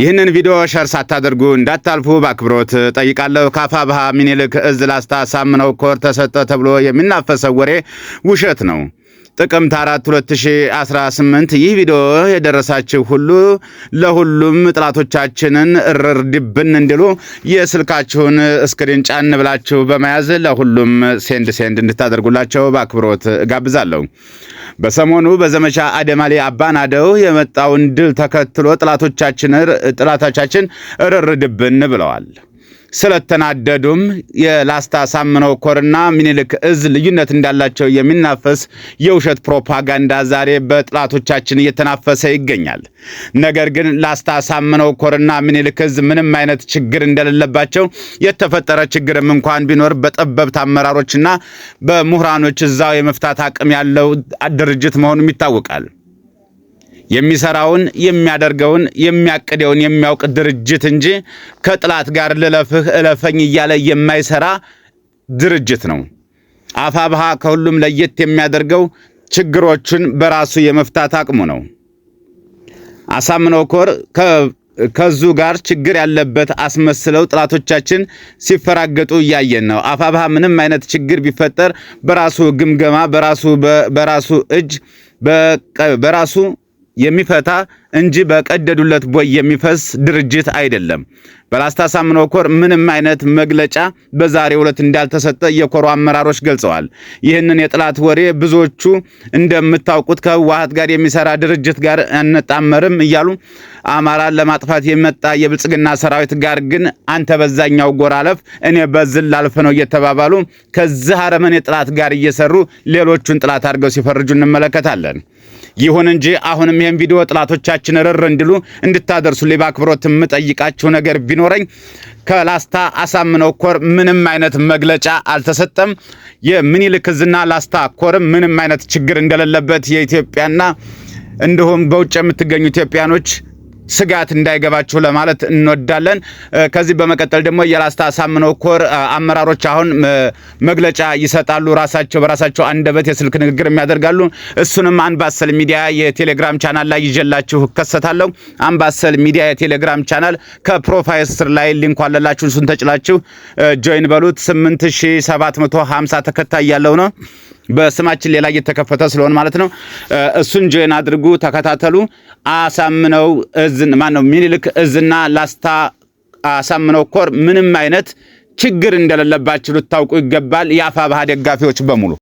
ይህንን ቪዲዮ ሸር ሳታደርጉ እንዳታልፉ በአክብሮት ጠይቃለሁ። ከአፋብኃ ሚኒልክ እዝ ላስታ ሳምነው ኮር ተሰጠ ተብሎ የሚናፈሰው ወሬ ውሸት ነው። ጥቅምት 4 2018 ይህ ቪዲዮ የደረሳችሁ ሁሉ ለሁሉም ጥላቶቻችንን እርር ድብን እንዲሉ የስልካችሁን ስክሪን ጫን ብላችሁ በመያዝ ለሁሉም ሴንድ ሴንድ እንድታደርጉላቸው በአክብሮት ጋብዛለሁ። በሰሞኑ በዘመቻ አደማሌ አባናደው የመጣውን ድል ተከትሎ ጥላቶቻችን እርር ድብን ብለዋል። ስለተናደዱም የላስታ ሳምነው ኮርና ሚኒልክ እዝ ልዩነት እንዳላቸው የሚናፈስ የውሸት ፕሮፓጋንዳ ዛሬ በጥላቶቻችን እየተናፈሰ ይገኛል። ነገር ግን ላስታ ሳምነው ኮርና ሚኒልክ እዝ ምንም አይነት ችግር እንደሌለባቸው የተፈጠረ ችግርም እንኳን ቢኖር በጠበብት አመራሮችና በምሁራኖች እዛው የመፍታት አቅም ያለው ድርጅት መሆኑም ይታወቃል። የሚሰራውን የሚያደርገውን የሚያቅደውን የሚያውቅ ድርጅት እንጂ ከጥላት ጋር ልለፍህ እለፈኝ እያለ የማይሰራ ድርጅት ነው። አፋብሃ ከሁሉም ለየት የሚያደርገው ችግሮችን በራሱ የመፍታት አቅሙ ነው። አሳምነው ኮር ከዙ ጋር ችግር ያለበት አስመስለው ጥላቶቻችን ሲፈራገጡ እያየን ነው። አፋብሃ ምንም አይነት ችግር ቢፈጠር በራሱ ግምገማ በራሱ በራሱ እጅ በራሱ የሚፈታ እንጂ በቀደዱለት ቦይ የሚፈስ ድርጅት አይደለም። በላስታ ሳምኖ ኮር ምንም አይነት መግለጫ በዛሬ ዕለት እንዳልተሰጠ የኮሮ አመራሮች ገልጸዋል። ይህንን የጥላት ወሬ ብዙዎቹ እንደምታውቁት ከህወሓት ጋር የሚሰራ ድርጅት ጋር አንጣመርም እያሉ አማራን ለማጥፋት የመጣ የብልጽግና ሰራዊት ጋር ግን አንተ በዛኛው ጎራ አለፍ፣ እኔ በዝል ላልፍ ነው እየተባባሉ ከዚህ አረመኔ ጥላት ጋር እየሰሩ ሌሎቹን ጥላት አድርገው ሲፈርጁ እንመለከታለን። ይሁን እንጂ አሁንም ይህን ቪዲዮ ጥላቶቻችን ርር እንዲሉ እንድታደርሱልኝ በአክብሮት የምጠይቃችሁ ነገር ቢኖረኝ ከላስታ አሳምነው ኮር ምንም አይነት መግለጫ አልተሰጠም። የምኒልክ ዕዝና ላስታ ኮርም ምንም አይነት ችግር እንደሌለበት የኢትዮጵያና እንዲሁም በውጭ የምትገኙ ኢትዮጵያኖች ስጋት እንዳይገባችሁ ለማለት እንወዳለን። ከዚህ በመቀጠል ደግሞ የላስታ አሳምነው ኮር አመራሮች አሁን መግለጫ ይሰጣሉ። ራሳቸው በራሳቸው አንደበት የስልክ ንግግር የሚያደርጋሉ። እሱንም አምባሰል ሚዲያ የቴሌግራም ቻናል ላይ ይዤላችሁ እከሰታለሁ። አምባሰል ሚዲያ የቴሌግራም ቻናል ከፕሮፋይል ስር ላይ ሊንኩ አለላችሁ። እሱን ተጭላችሁ ጆይን በሉት። 8750 ተከታይ ያለው ነው። በስማችን ሌላ እየተከፈተ ስለሆነ ማለት ነው። እሱን ጆይን አድርጉ፣ ተከታተሉ። አሳምነው እዝ ማን ነው ሚኒልክ እዝና ላስታ አሳምነው ኮር ምንም አይነት ችግር እንደሌለባችሁ ልታውቁ ይገባል። የአፋ ባህ ደጋፊዎች በሙሉ